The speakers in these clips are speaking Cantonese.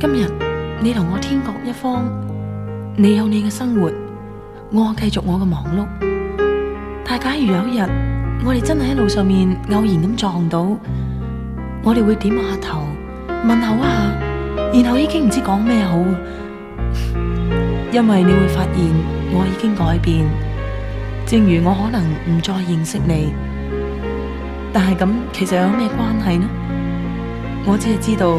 今日你同我天各一方，你有你嘅生活，我繼續我嘅忙碌。但假如有一日，我哋真係喺路上面偶然咁撞到，我哋會點下頭，問候一下，然後已經唔知講咩好，因為你會發現我已經改變，正如我可能唔再認識你，但係咁其實有咩關係呢？我只係知道。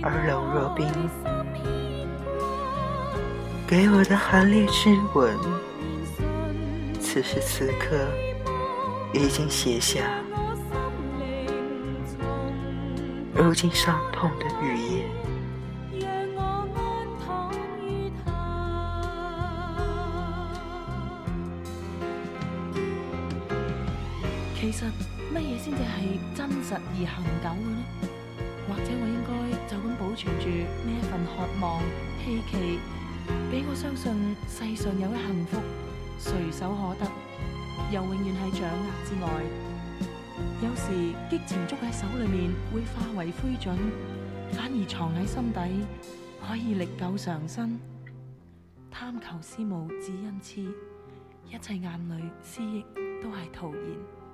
而冷若冰，給我的寒洌之吻，此時此刻已經寫下，如今傷痛的預言。其實，乜嘢先至係真實而恒久嘅呢？或者我應該就咁保存住呢一份渴望希冀，俾我相信世上有一幸福，隨手可得，又永遠喺掌握之外。有時激情捉喺手裏面會化為灰燼，反而藏喺心底可以歷久常新。貪求思慕只因痴，一切眼淚思憶都係徒然。